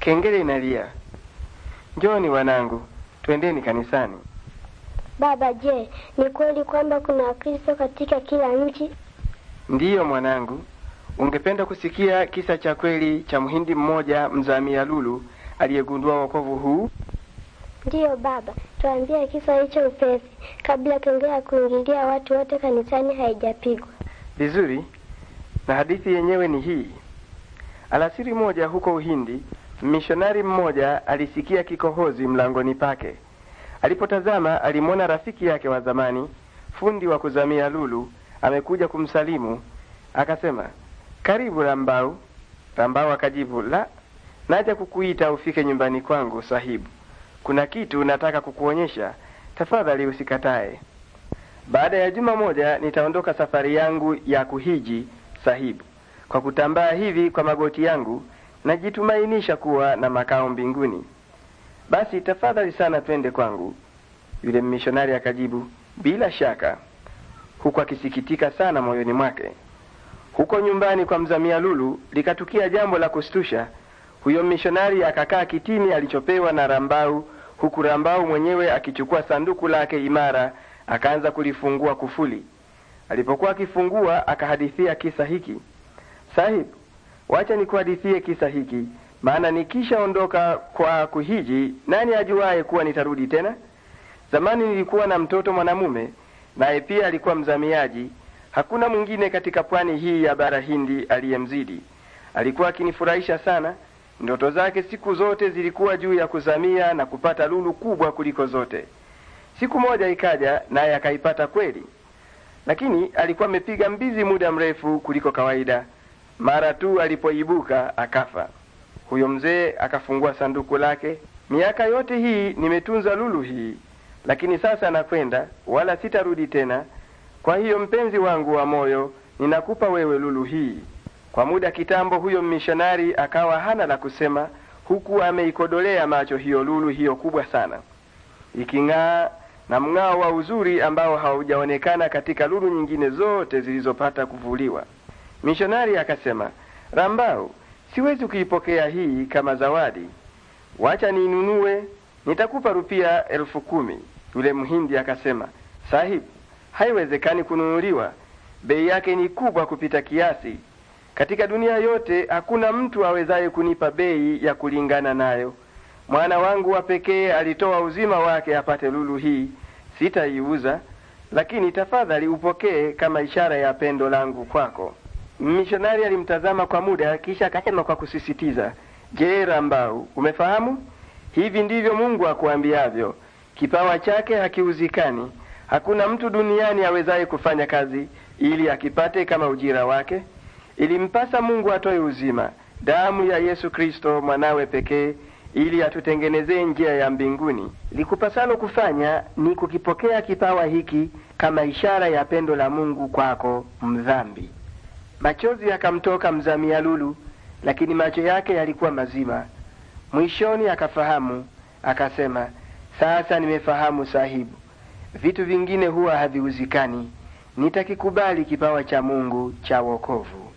Kengele inalia. Njoni wanangu, twendeni kanisani. Baba, je, ni kweli kwamba kuna Wakristo katika kila nchi? Ndiyo mwanangu. Ungependa kusikia kisa cha kweli cha mhindi mmoja mzamia lulu aliyegundua wokovu huu? Ndiyo baba, tuambie kisa hicho upesi, kabla kengele ya kuingilia watu wote kanisani haijapigwa. Vizuri, na hadithi yenyewe ni hii. Alasiri moja huko Uhindi, Mishonari mmoja alisikia kikohozi mlangoni pake. Alipotazama alimwona rafiki yake wa zamani, fundi wa kuzamia lulu, amekuja kumsalimu. Akasema, karibu Rambau. Rambau akajibu, la, naja kukuita ufike nyumbani kwangu sahibu, kuna kitu nataka kukuonyesha, tafadhali usikatae. Baada ya juma moja nitaondoka safari yangu ya kuhiji sahibu, kwa kutambaa hivi kwa magoti yangu najitumainisha kuwa na makao mbinguni. Basi tafadhali sana twende kwangu. Yule mmishonari akajibu, bila shaka, huku akisikitika sana moyoni mwake. Huko nyumbani kwa mzamia Lulu likatukia jambo la kustusha. Huyo mmishonari akakaa kitini alichopewa na Rambau, huku Rambau mwenyewe akichukua sanduku lake imara akaanza kulifungua kufuli. Alipokuwa akifungua akahadithia kisa hiki: Sahib, Wacha nikuhadithie kisa hiki, maana nikishaondoka kwa kuhiji, nani ajuaye kuwa nitarudi tena? Zamani nilikuwa na mtoto mwanamume, naye pia alikuwa mzamiaji. Hakuna mwingine katika pwani hii ya bara Hindi aliyemzidi. Alikuwa akinifurahisha sana. Ndoto zake siku zote zilikuwa juu ya kuzamia na kupata lulu kubwa kuliko zote. Siku moja ikaja, naye akaipata kweli, lakini alikuwa amepiga mbizi muda mrefu kuliko kawaida. Mara tu alipoibuka akafa. Huyo mzee akafungua sanduku lake, miaka yote hii nimetunza lulu hii, lakini sasa nakwenda, wala sitarudi tena. Kwa hiyo mpenzi wangu wa moyo, ninakupa wewe lulu hii. Kwa muda kitambo, huyo mmishonari akawa hana la kusema, huku ameikodolea macho hiyo lulu hiyo kubwa sana, iking'aa na mng'ao wa uzuri ambao haujaonekana katika lulu nyingine zote zilizopata kuvuliwa. Mishonari akasema, Rambau, siwezi kuipokea hii kama zawadi, wacha niinunue, nitakupa rupia elfu kumi. Yule mhindi akasema, sahibu, haiwezekani kununuliwa, bei yake ni kubwa kupita kiasi. Katika dunia yote hakuna mtu awezaye kunipa bei ya kulingana nayo. Mwana wangu wa pekee alitoa uzima wake apate lulu hii, sitaiuza, lakini tafadhali upokee kama ishara ya pendo langu kwako. Mishonari alimtazama kwa muda, kisha akasema kwa kusisitiza, Je, Rambau, umefahamu? Hivi ndivyo Mungu akuambiavyo, kipawa chake hakiuzikani. Hakuna mtu duniani awezaye kufanya kazi ili akipate kama ujira wake. Ilimpasa Mungu atoe uzima, damu ya Yesu Kristo mwanawe pekee, ili atutengenezee njia ya mbinguni. Likupasalo kufanya ni kukipokea kipawa hiki kama ishara ya pendo la Mungu kwako mdhambi. Machozi yakamtoka mzamia lulu, lakini macho yake yalikuwa mazima. Mwishoni akafahamu, akasema, sasa nimefahamu sahibu, vitu vingine huwa haviuzikani. Nitakikubali kipawa cha Mungu cha wokovu.